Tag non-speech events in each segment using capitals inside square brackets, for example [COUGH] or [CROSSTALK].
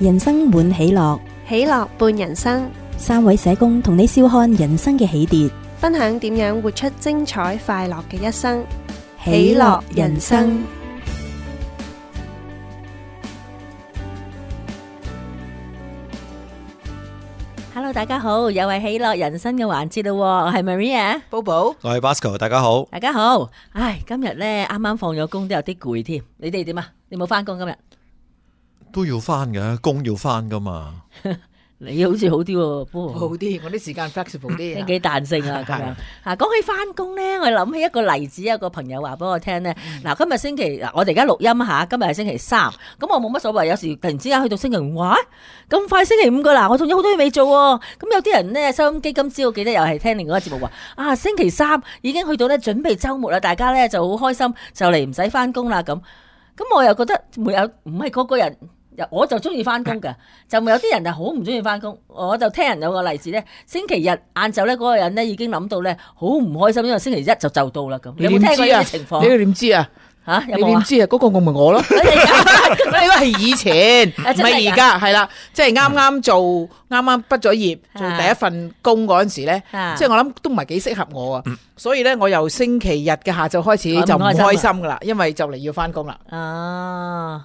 人生滿喜樂，喜樂伴人生。三位社工同你笑看人生嘅起跌，分享點樣活出精彩快樂嘅一生。喜樂人生。Hello，大家好，又係喜樂人生嘅環節啦。我係 Maria，Bobo，我係 Basco，大家好，大家好。唉，今日呢啱啱放咗工都有啲攰添。你哋點啊？你冇翻工今日？都要翻噶，工要翻噶嘛。你好似好啲喎，好啲，我啲時間 flexible 啲，幾彈性啊，咁啊，講起翻工咧，我諗起一個例子，有一個朋友話俾我聽咧。嗱，今日星期，我哋而家錄音下，今日係星期三，咁我冇乜所謂。有時突然之間去到星期五，哇！咁快星期五噶啦，我仲有好多嘢未做喎。咁有啲人咧，收音機今朝我記得又係聽另外一個節目話，啊，星期三已經去到咧準備週末啦，大家咧就好開心，就嚟唔使翻工啦咁。咁我又覺得每日，唔係個個人。我就中意翻工㗎。就有啲人係好唔中意翻工。我就聽人有個例子咧，星期日晏晝咧，嗰個人咧已經諗到咧好唔開心，因為星期一就就到啦。咁你，你有冇聽過呢個情況？你又點知啊？吓，你點知啊？嗰、啊、個我咪我咯。嗰個係以前，唔係而家，係啦、啊，即係啱啱做，啱啱畢咗業，做第一份工嗰陣時咧，即係、啊、我諗都唔係幾適合我啊。所以咧，我由星期日嘅下晝開始就唔開心噶啦，因為就嚟要翻工啦。啊！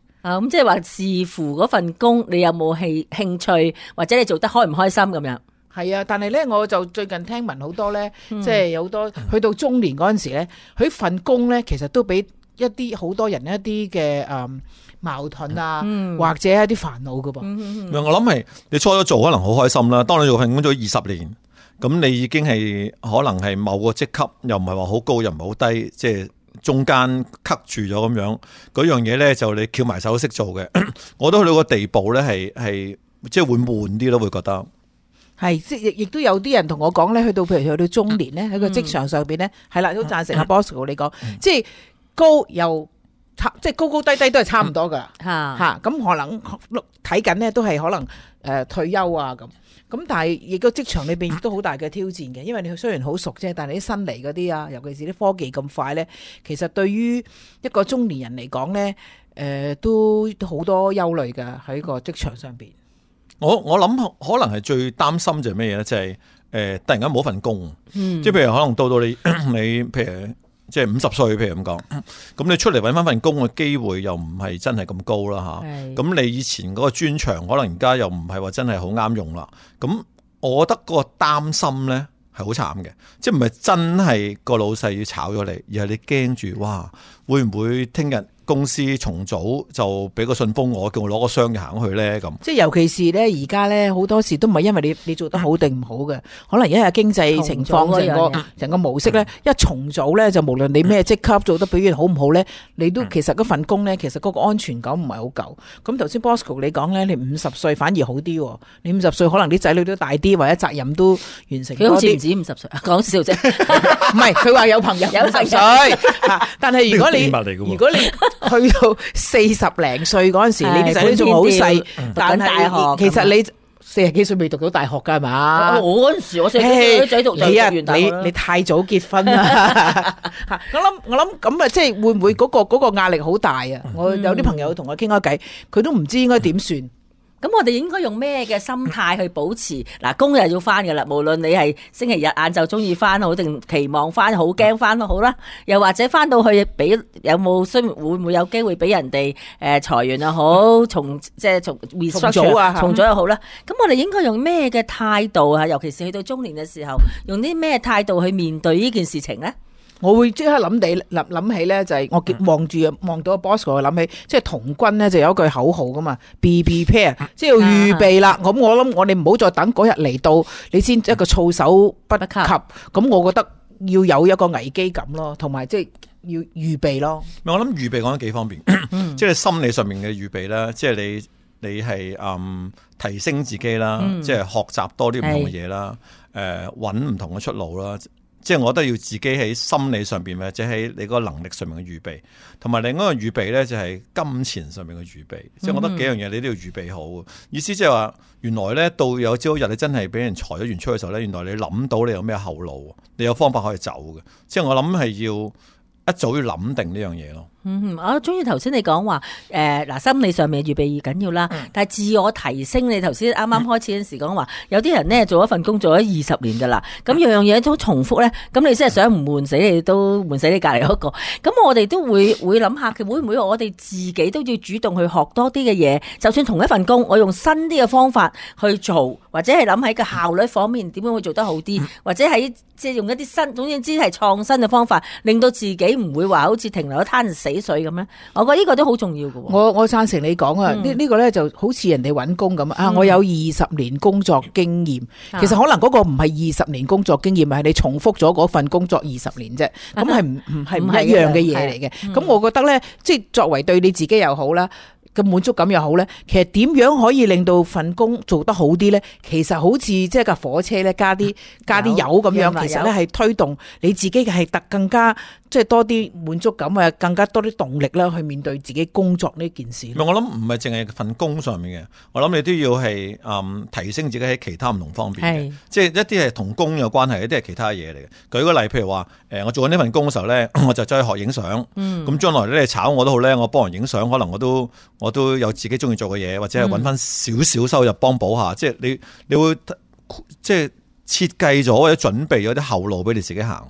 啊，咁即係話視乎嗰份工，你有冇興興趣，或者你做得開唔開心咁樣？係啊，但係咧，我就最近聽聞好多咧，即係、嗯、有好多、嗯、去到中年嗰陣時咧，佢份工咧，其實都俾一啲好多人一啲嘅誒矛盾啊，嗯、或者一啲煩惱噶噃。嗯嗯嗯、我諗係你初初做可能好開心啦，當你做份工咗二十年，咁你已經係可能係某個職級，又唔係話好高，又唔係好低，即係。中間 cut 住咗咁樣，嗰樣嘢咧就你翹埋手識做嘅，我都去到個地步咧，係係即係會悶啲咯，會覺得係即係亦亦都有啲人同我講咧，去到譬如去到中年咧喺個職場上邊咧，係啦，都贊成阿 Bosco 你講，即係高又差，即係高高低低都係差唔多噶嚇嚇，咁可能睇緊咧都係可能。誒退休啊咁，咁但係亦都職場裏邊都好大嘅挑戰嘅，因為你雖然好熟啫，但係啲新嚟嗰啲啊，尤其是啲科技咁快呢，其實對於一個中年人嚟講呢，誒都好多憂慮㗎喺個職場上邊。我我諗可能係最擔心就係咩嘢呢？就係誒突然間冇份工，即係譬如可能到到你你譬如。即係五十歲，譬如咁講，咁你出嚟揾翻份工嘅機會又唔係真係咁高啦嚇。咁是的 你以前嗰個專長，可能而家又唔係話真係好啱用啦。咁我覺得嗰個擔心咧係好慘嘅，即唔係真係個老細要炒咗你，而係你驚住哇會唔會聽日？公司重組就俾個信封我，叫我攞個箱行去咧咁。即係尤其是咧，而家咧好多時都唔係因為你你做得好定唔好嘅，可能一日經濟情況成個成個模式咧，一重組咧就無論你咩職級做得表現好唔好咧，你都其實嗰份工咧，其實嗰個安全感唔係好夠。咁頭先 Bosco 你講咧，你五十歲反而好啲喎，你五十歲可能啲仔女都大啲，或者責任都完成。佢好似唔止五十歲，講笑啫，唔係佢話有朋友五十歲，但係如果你如果你 [LAUGHS] 去到四十零歲嗰陣時，你啲仔仲好細，小嗯、但是大學。其實你四十幾歲未讀到大學噶係嘛？我嗰陣時，我細啲仔讀就讀完大咯你、啊、你，你太早結婚啦！ [LAUGHS] [LAUGHS] 我諗我諗咁啊，即係會唔會嗰、嗰個嗰、嗰個壓力好大啊？嗯、我有啲朋友同我傾下偈，佢都唔知應該點算。嗯咁我哋應該用咩嘅心態去保持？嗱，工又要翻噶啦，無論你係星期日晏晝中意翻好定期望翻好，驚翻都好啦。又或者翻到去俾有冇需會唔會有機會俾人哋誒、呃、裁員又好，從即係從 r 重啊，重組又好啦。咁我哋應該用咩嘅態度啊？尤其是去到中年嘅時候，用啲咩態度去面對呢件事情咧？我會即刻諗地諗諗起咧，就係我望住望到個 boss，我諗起即係童軍咧，就有一句口號噶嘛，be prepared，即係要預備啦。咁我諗我哋唔好再等嗰日嚟到，你先一個措手不得及。咁我覺得要有一個危機感咯，同埋即係要預備咯。咪我諗預備講得幾方面，即係心理上面嘅預備啦，即係你你係嗯提升自己啦，即係學習多啲唔同嘅嘢啦，誒揾唔同嘅出路啦。即係我覺得要自己喺心理上面，或者喺你個能力上面嘅預備，同埋另外一個預備咧就係金錢上面嘅預備。即係、mm hmm. 我覺得幾樣嘢你都要預備好。意思即係話原來咧到有朝一日你真係俾人裁咗完出去嘅時候咧，原來你諗到你有咩後路，你有方法可以走嘅。即係我諗係要一早要諗定呢樣嘢咯。嗯，我中意頭先你講話，誒、呃、嗱，心理上面預備越緊要啦。嗯、但係自我提升，你頭先啱啱開始嗰時講話，有啲人咧做一份工做咗二十年噶啦，咁樣樣嘢都重複咧，咁你真係想唔悶死你都悶死你隔籬嗰個。咁我哋都會會諗下，佢會唔會我哋自己都要主動去學多啲嘅嘢？就算同一份工，我用新啲嘅方法去做，或者係諗喺個效率方面點樣會做得好啲，或者喺即係用一啲新，總之係創新嘅方法，令到自己唔會話好似停留喺攤死。幾歲咁咧？我覺得呢個都好重要噶。我我贊成你講啊，呢呢個咧就好似人哋搵工咁啊。我有二十年工作經驗，其實可能嗰個唔係二十年工作經驗，咪係你重複咗嗰份工作二十年啫。咁係唔唔係唔一樣嘅嘢嚟嘅。咁我覺得咧，即係作為對你自己又好啦，嘅滿足感又好咧，其實點樣可以令到份工做得好啲咧？其實好似即係架火車咧，有加啲加啲油咁樣，有有有其實咧係推動你自己嘅係得更加即係多啲滿足感啊，更加多啲動力啦，去面對自己工作呢件事。我諗唔係淨係份工上面嘅，我諗你都要係、嗯、提升自己喺其他唔同方面是即係一啲係同工有關係，一啲係其他嘢嚟嘅。舉個例，譬如話誒，我做緊呢份工嘅時候咧，我就再去學影相，咁、嗯、將來咧你炒我都好咧，我幫人影相，可能我都。我都有自己中意做嘅嘢，或者係揾翻少少收入幫補下。嗯、即係你，你會即係設計咗或者準備咗啲後路俾你自己行。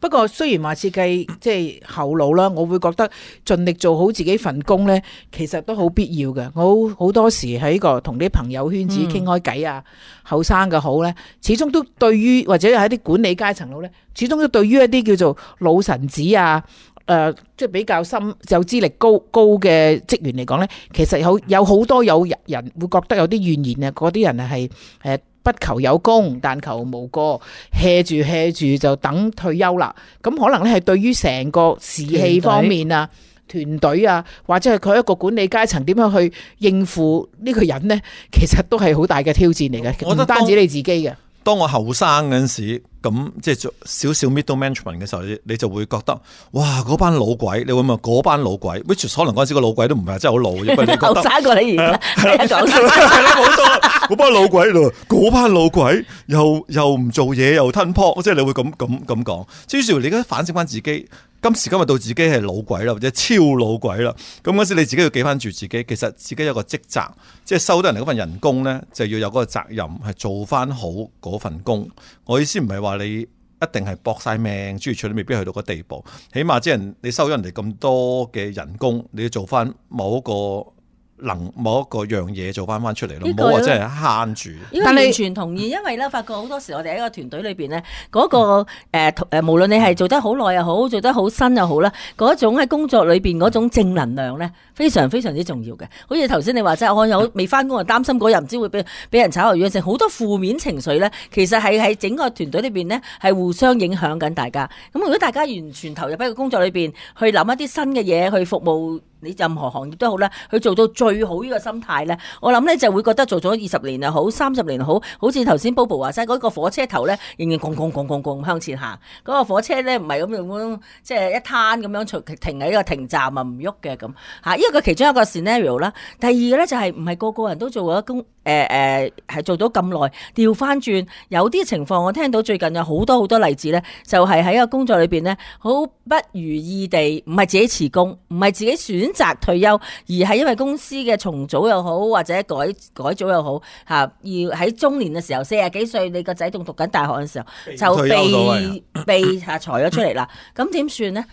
不過雖然話設計即係後路啦，我會覺得盡力做好自己份工呢，其實都好必要嘅。我好多時喺、個同啲朋友圈子傾開偈啊，後生嘅好呢，始終都對於或者喺啲管理階層佬呢，始終都對於一啲叫做老臣子啊。誒，即係、呃、比較深、就資歷高高嘅職員嚟講呢，其實有有好多有人人會覺得有啲怨言啊！嗰啲人係誒不求有功，但求無過，hea 住 hea 住就等退休啦。咁可能咧係對於成個士氣方面啊、團隊，團隊啊，或者係佢一個管理階層點樣去應付呢個人呢，其實都係好大嘅挑戰嚟嘅。我唔單止你自己嘅。當我後生嗰陣時。咁即係做少少 middle management 嘅時候，你就會覺得哇班老鬼，你會唔會班老鬼？Which 可能嗰時個老鬼都唔係真係好老，因為你講，得夠曬你而家係啊，講笑係啦，講笑，班老鬼度，班老鬼又又唔做嘢又吞撲，即係你會咁咁咁講，即係於是乎你而家反省翻自己，今時今日到自己係老鬼啦，或者超老鬼啦。咁陣時你自己要記翻住自己，其實自己有個職責，即係收得人哋份人工咧，就要有嗰個責任係做翻好嗰份工。我意思唔係話。你一定係搏晒命，諸如此類，未必去到個地步。起碼即係你收咗人哋咁多嘅人工，你要做翻某一個。能某一個樣嘢做翻翻出嚟咯，唔好真係慳住。但你完全同意，因為咧，發覺好多時我哋喺個團隊裏面咧，嗰、嗯那個誒誒、呃，無論你係做得好耐又好，做得好新又好啦，嗰種喺工作裏面嗰種正能量咧，非常非常之重要嘅。好似頭先你話即係我有未翻工，就擔心嗰日唔知會俾俾人炒魷魚，成好多負面情緒咧，其實係喺整個團隊裏面咧，係互相影響緊大家。咁如果大家完全投入喺個工作裏面，去諗一啲新嘅嘢，去服務。你任何行業都好啦，佢做到最好呢個心態咧，我諗咧就會覺得做咗二十年又好，三十年好，好似頭先 Bobo 話齋嗰、那個火車頭咧，仍然轟轟轟轟轟向前行，嗰、那個火車咧唔係咁樣即係一攤咁樣，除停喺一個停站啊唔喐嘅咁嚇。依個其中一個 scenario 啦，第二個咧就係唔係個個人都做咗工，誒誒係做到咁耐，調翻轉有啲情況，我聽到最近有好多好多例子咧，就係、是、喺一個工作裏面咧，好不如意地，唔係自己辭工，唔係自己選擇。擇退休，而係因為公司嘅重組又好，或者改改組又好，吓要喺中年嘅時候，四十幾歲，你個仔仲讀緊大學嘅時候，被就被了 [COUGHS] 被下裁咗出嚟啦。咁點算呢？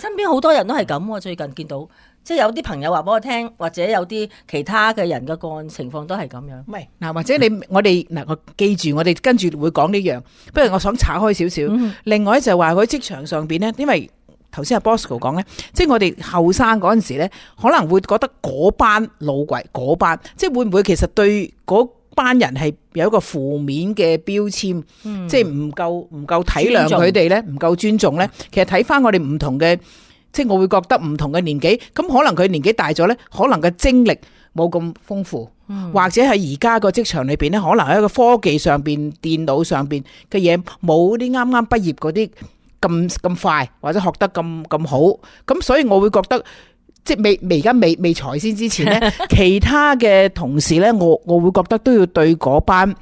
身邊好多人都係咁，我最近見到，即係有啲朋友話俾我聽，或者有啲其他嘅人嘅個案情況都係咁樣。係嗱、嗯，或者你我哋嗱，我記住我哋跟住會講呢樣。不如我想岔開少少。嗯、另外就係話喺職場上邊呢，因為。頭先阿 Bosco 講咧，即係我哋後生嗰陣時咧，可能會覺得嗰班老鬼嗰班，即係會唔會其實對嗰班人係有一個負面嘅標籤，嗯、即係唔夠唔夠體諒佢哋咧，唔夠尊重咧。其實睇翻我哋唔同嘅，即係我會覺得唔同嘅年紀，咁可能佢年紀大咗咧，可能個精力冇咁豐富，或者係而家個職場裏邊咧，可能喺一個科技上邊、電腦上邊嘅嘢，冇啲啱啱畢業嗰啲咁咁快或者學得咁咁好，咁所以我會覺得，即係未未而家未未裁先之前呢，其他嘅同事呢，我我會覺得都要對嗰班，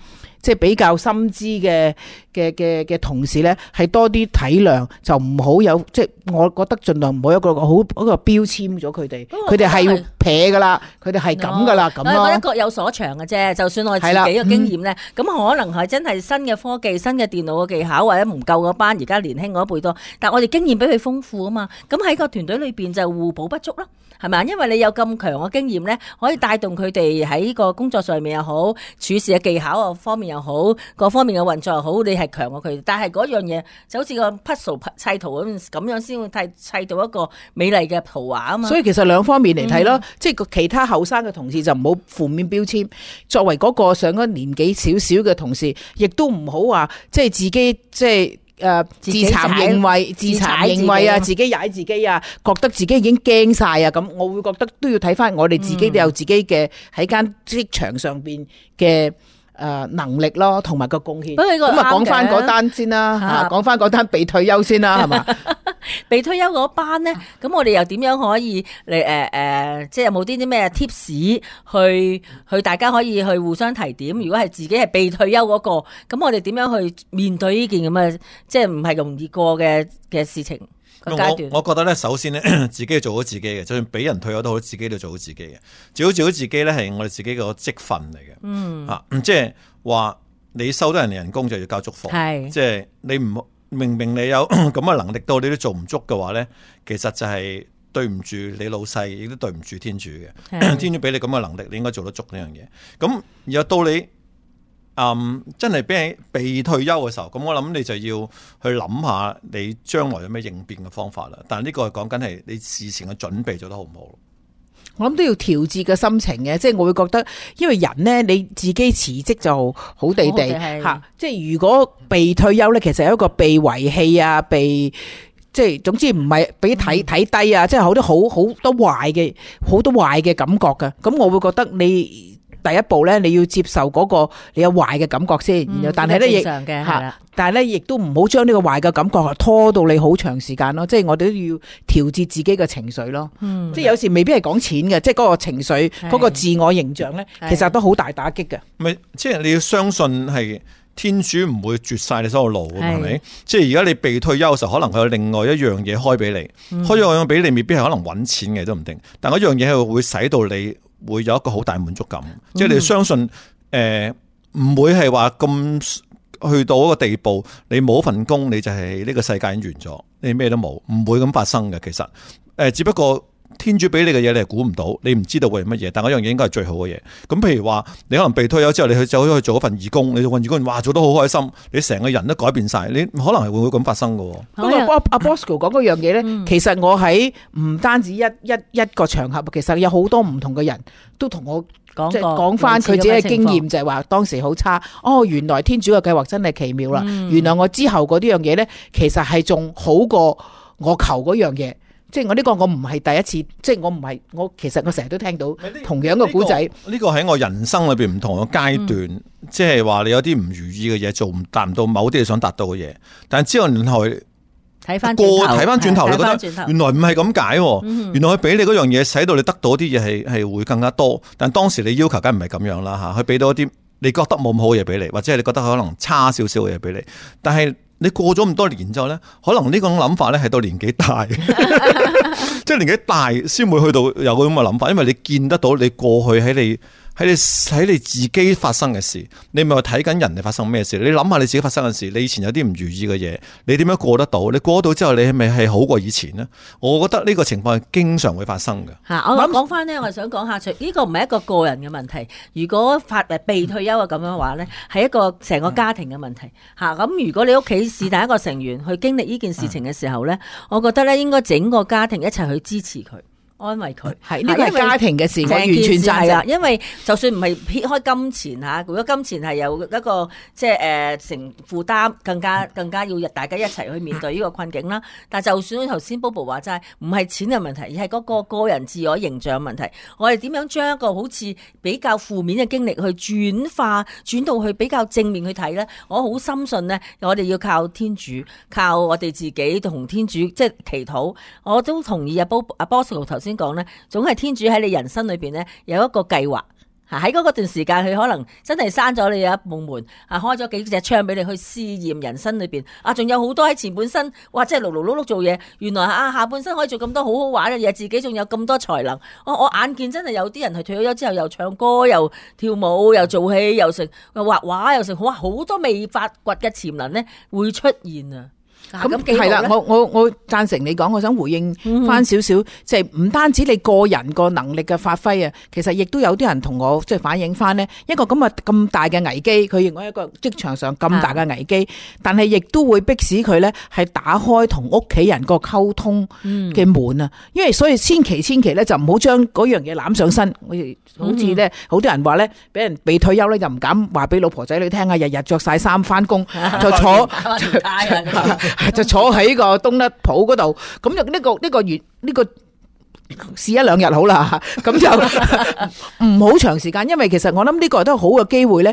即係比較深知嘅嘅嘅嘅同事咧，係多啲體諒，就唔好有即係我覺得盡量唔好有一個好一個標籤咗佢哋，佢哋係要撇噶啦，佢哋係咁噶啦。咁我覺得各有所長嘅啫，就算我自己嘅經驗咧，咁、嗯、可能係真係新嘅科技、新嘅電腦嘅技巧或者唔夠嗰班，而家年輕嗰一輩多，但係我哋經驗比佢豐富啊嘛，咁喺個團隊裏邊就互補不足啦。係嘛？因為你有咁強嘅經驗咧，可以帶動佢哋喺呢個工作上面又好，處事嘅技巧啊方面又好，各方面嘅運作又好，你係強過佢。但係嗰樣嘢就好似個 puzzle 砌圖咁，咁樣先會砌砌到一個美麗嘅圖畫啊嘛。所以其實兩方面嚟睇咯，即係、嗯、其他後生嘅同事就唔好負面標籤。作為嗰個上咗年紀少少嘅同事，亦都唔好話即係自己即係。即係誒，自殘認為、自殘認為啊，自己踩自己啊，覺得自己已經驚晒啊，咁、嗯、我會覺得都要睇翻我哋自己有自己嘅喺間職場上邊嘅。誒、呃，能力咯，同埋個貢獻。咁啊，講翻嗰單先啦，吓講翻嗰單被退休先啦，係嘛？被退休嗰班咧，咁我哋又點樣可以嚟？誒、呃、誒、呃，即係有冇啲啲咩 tips 去去，去大家可以去互相提點？如果係自己係被退休嗰、嗰個，咁我哋點樣去面對呢件咁嘅，即係唔係容易過嘅嘅事情？我我覺得咧，首先咧段， [COUGHS] 自己做好自己嘅，就算俾人退休都好，自己都做好自己嘅。做好做好自己咧，係我哋自己個職份嚟嘅。嗯，啊，即係話你收得人哋人工就要交足貨，係是，即係你唔明明你有咁嘅能力，到你都做唔足嘅話咧，其實就係對唔住你老細，亦都對唔住天主嘅是。 [COUGHS] 天主俾你咁嘅能力，你應該做得足呢樣嘢。咁而家到你。嗯，真係俾人被退休嘅時候，咁我諗你就要去諗下你將來有咩應變嘅方法啦。嗯、但係呢個係講緊係你事前嘅準備做得好唔好？我諗都要調節嘅心情嘅，即係，我會覺得，因為人呢，你自己辭職就好地地吓，即係如果被退休呢，其實有一個被遺棄啊，被即係總之唔係俾睇睇低啊，即係好，好多好好多壞嘅好多壞嘅感覺噶。咁我會覺得你。第一步咧，你要接受嗰個你有壞嘅感覺先，然後但係咧正常嘅吓，但係咧亦都唔好將呢個壞嘅感覺拖到你好長時間咯。即係我哋都要調節自己嘅情緒咯。即係有時未必係講錢嘅，即係嗰個情緒、嗰個自我形象咧，其實都好大打擊嘅。咪即係你要相信係天主唔會絕晒你所有路㗎，係咪？即係而家你被退休嘅時候，可能佢有另外一樣嘢開俾你，開咗樣俾你未必係可能揾錢嘅都唔定。但係嗰樣嘢係會使到你。會有一個好大滿足感，即係你相信誒，唔會係話咁去到一個地步，你冇份工你就係呢個世界已經完咗，你咩都冇，唔會咁發生嘅。其實誒，只不過。天主俾你嘅嘢，你係估唔到，你唔知道會係乜嘢。但嗰樣嘢應該係最好嘅嘢。咁譬如話，你可能被推咗之後，你去走咗去做一份義工，你做份義工，哇，做得好開心，你成個人都改變晒，你可能係會會咁發生㗎喎。過阿阿 Bosco 講嗰樣嘢呢，其實我喺唔單止一一一個場合，其實有好多唔同嘅人都同我過即講翻佢自己嘅經驗，就係話當時好差。哦，原來天主嘅計劃真係奇妙啦！嗯、原來我之後嗰啲樣嘢呢，其實係仲好過我求嗰樣嘢。即係我呢個我唔係第一次，即係我唔係我其實我成日都聽到同樣嘅古仔。呢、這個喺我人生裏邊唔同嘅階段，即係話你有啲唔如意嘅嘢做唔達唔到某啲嘢想達到嘅嘢，但係之後然後睇翻過睇翻轉頭，頭，頭你覺得原來唔係咁解，嗯、原來佢俾你嗰樣嘢，使到你得到啲嘢係係會更加多，但係當時你要求梗唔係咁樣啦，吓，佢俾到一啲你覺得冇咁好嘅嘢俾你，或者你覺得可能差少少嘅嘢俾你，但係。你過咗咁多年之後呢，可能呢種諗法呢係到年紀大，即係 [LAUGHS] [LAUGHS] 年紀大先會去到有個咁嘅諗法，因為你見得到你過去喺你。喺你喺你自己發生嘅事，你咪睇緊人哋發生咩事？你諗下你自己發生嘅事，你以前有啲唔如意嘅嘢，你點樣過得到？你過得到之後，你係咪係好過以前呢？我覺得呢個情況係經常會發生嘅。吓、啊，我諗講翻呢，我想講下，呢、這個唔係一個個人嘅問題。如果發被退休嘅咁樣話呢，係一個成個家庭嘅問題。吓、啊，咁如果你屋企是但個成員去經歷呢件事情嘅時候呢，啊啊、我覺得呢應該整個家庭一齊去支持佢。安慰佢，係呢個家庭嘅事，我完全就係啦，因為就算唔係撇開金錢吓，如果金錢係有一個即係誒成負擔，更加更加要大家一齊去面對呢個困境啦。但係就算頭先 Bobo 話齋，唔係錢嘅問題，而係嗰個個人自我形象問題。我哋點樣將一個好似比較負面嘅經歷去轉化，轉到去比較正面去睇咧？我好深信咧，我哋要靠天主，靠我哋自己同天主即係祈禱。我都同意啊，Bob 阿 Bosco 頭。先講咧，總係天主喺你人生裏邊咧有一個計劃，吓，喺嗰段時間佢可能真係閂咗你有一部門，啊，開咗幾隻窗俾你去試驗人生裏邊，啊，仲有好多喺前半生，哇，真係勞勞碌碌做嘢，原來啊下半生可以做咁多好好玩嘅嘢，自己仲有咁多才能，我、啊、我眼見真係有啲人係退咗休之後又唱歌又跳舞又做戲又食又畫畫又食，好，好多未發掘嘅潛能咧會出現啊！咁係啦，我我我贊成你講，我想回應翻少少，即係唔單止你個人個能力嘅發揮啊，其實亦都有啲人同我即係反映翻呢一個咁啊咁大嘅危機，佢認為一個職場上咁大嘅危機，啊、但係亦都會迫使佢呢係打開同屋企人個溝通嘅門啊，嗯、因為所以千祈千祈呢，就唔好將嗰樣嘢攬上身，嗯、哼好似呢，好多人話呢，俾人被退休呢，就唔敢話俾老婆仔女聽天天啊，日日着晒衫翻工就坐就坐喺個東德鋪嗰度，咁就呢個呢個月呢個、這個、試一兩日好啦，咁就唔好長時間， [LAUGHS] 因為其實我諗呢個都係好嘅機會呢，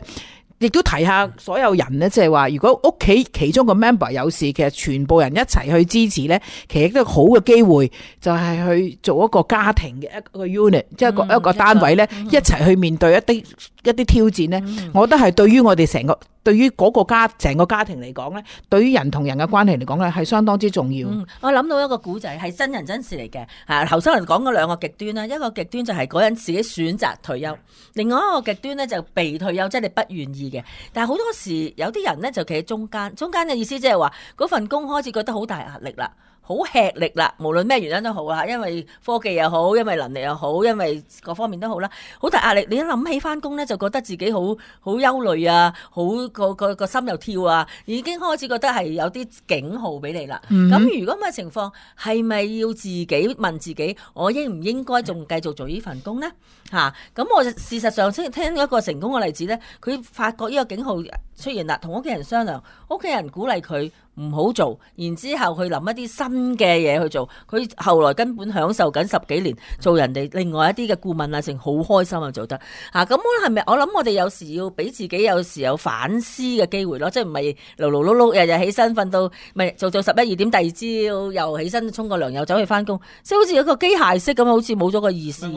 亦都提一下所有人呢，即係話如果屋企其中個 member 有事，其實全部人一齊去支持呢，其實都好嘅機會，就係去做一個家庭嘅一個 unit，即係、嗯、一個單位呢、嗯、一齊去面對一啲、嗯、一啲挑戰呢、嗯、我覺得係對於我哋成個。對於嗰個家整個家庭嚟講咧，對於人同人嘅關係嚟講咧，係相當之重要，嗯。我諗到一個古仔，係真人真事嚟嘅。啊，頭先我哋講過兩個極端啦，一個極端就係嗰人自己選擇退休，另外一個極端咧就係被退休，即係你不願意嘅。但係好多時候有啲人咧就企喺中間，中間嘅意思即係話嗰份工開始覺得好大壓力啦。好吃力啦，無論咩原因都好啊，因為科技又好，因為能力又好，因為各方面都好啦，好大壓力。你一諗起返工咧，就覺得自己好好憂慮啊，好個個個心又跳啊，已經開始覺得係有啲警號俾你啦。咁、mm hmm. 如果咁嘅情況，係咪要自己問自己，我應唔應該仲繼續做呢份工咧？吓、啊，咁我事實上聽聽一個成功嘅例子咧，佢發覺呢個警號出現啦，同屋企人商量，屋企人鼓勵佢。唔好做，然之後佢諗一啲新嘅嘢去做，佢後來根本享受緊十幾年，做人哋另外一啲嘅顧問啊，成好開心啊做得，吓咁我係咪？我諗我哋有時要俾自己有時有反思嘅機會咯，即係唔係勞勞碌碌，日日起身瞓到，咪做做十一二點第二朝又起身沖個涼又走去翻工，即係好似有個機械式咁，好似冇咗個意思。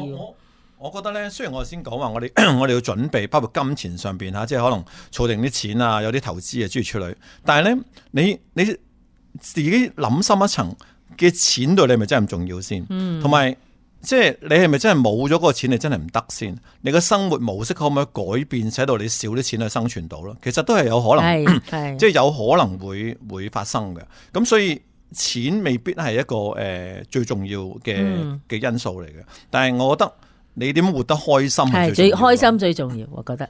我覺得咧，雖然我先講話我哋 [COUGHS] 我哋要準備，包括金錢上邊吓，即係可能儲定啲錢啊，有啲投資啊，諸如此類。但係咧，你你自己諗深一層嘅錢對你咪真係唔重要先？同埋，嗯，即係你係咪真係冇咗嗰個錢，你真係唔得先？你嘅生活模式可唔可以改變，使到你少啲錢去生存到咯？其實都係有可能，係即係有可能會會發生嘅。咁所以錢未必係一個誒、呃，最重要嘅嘅因素嚟嘅。嗯，但係我覺得。你點活得開心是？係最開心最重要，我覺得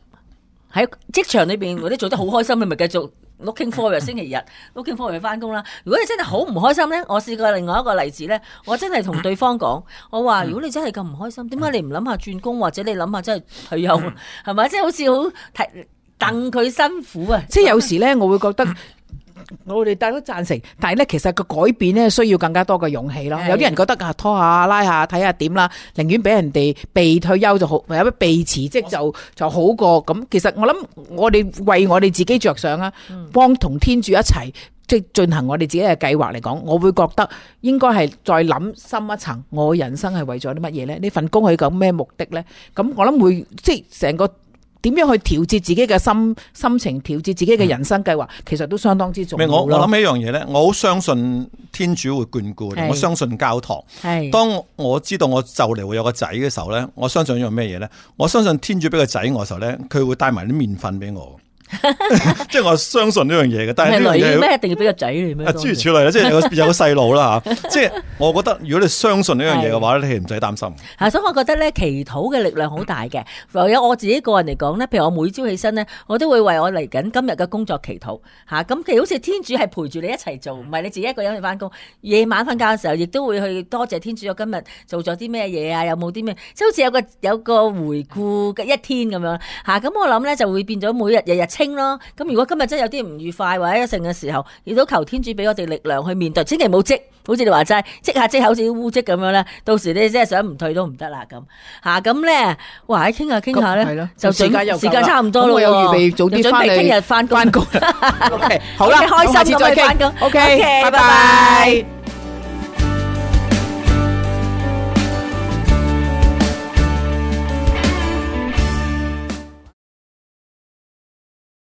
喺職場裡邊，我啲做得好開心你咪繼續 looking forward 星期日、嗯、looking forward 翻工啦。如果你真係好唔開心咧，我試過另外一個例子咧，我真係同對方講，我話如果你真係咁唔開心，點解你唔諗下轉工，或者你諗下真係退休，係咪？即、就、係、是、好似好提戥佢辛苦啊！即係有時咧，我會覺得。我哋大家都贊成，但係咧，其實個改變咧，需要更加多嘅勇氣咯。有啲人覺得啊，拖下拉下睇下點啦，寧願俾人哋被退休就好，或者被辭職就就好過。咁其實我諗，我哋爲我哋自己着想啊，幫同天主一齊即係進行我哋自己嘅計劃嚟講，我會覺得應該係再諗深一層。我人生係爲咗啲乜嘢咧？呢份工係咁咩目的咧？咁我諗會即係成個。點樣去調節自己嘅心心情，調節自己嘅人生計劃，其實都相當之重要。我我諗起一樣嘢咧，我好相信天主會眷顧你是我相信教堂。係是當我知道我就嚟會有個仔嘅時候咧，我相信一樣咩嘢咧？我相信天主俾個仔我嘅時候咧，佢會帶埋啲麵粉俾我。 [LAUGHS] [LAUGHS] 即係我是相信呢樣嘢嘅，但係女咩一定要俾個仔你咩？諸如此類，即係有個細路啦吓。即係我覺得如果你相信呢樣嘢嘅話， [LAUGHS] 你你唔使擔心。吓， [LAUGHS] 所以我覺得咧，祈禱嘅力量好大嘅。唯有 [LAUGHS] 我自己個人嚟講咧，譬如我每朝起身咧，我都會為我嚟緊今日嘅工作祈禱。吓，咁其實好似天主係陪住你一齊做，唔係你自己一個人去翻工。夜晚瞓覺嘅時候，亦都會去多謝天主，我今日做咗啲咩嘢啊？有冇啲咩？即係好似有個有個回顧嘅一天咁樣。吓，咁我諗咧就會變咗每日日日。傾咯，咁如果今日真係有啲唔愉快或者一成嘅時候，亦都求天主俾我哋力量去面對，千祈唔好積，好似你話齋積下積口似污跡咁樣咧，到時你真係想唔退都唔得啦咁。吓咁咧，哇，喺傾下傾下咧，就時間時間差唔多咯喎，有預備早準備聽日翻工？好啦，開心咁再傾。O K，拜拜。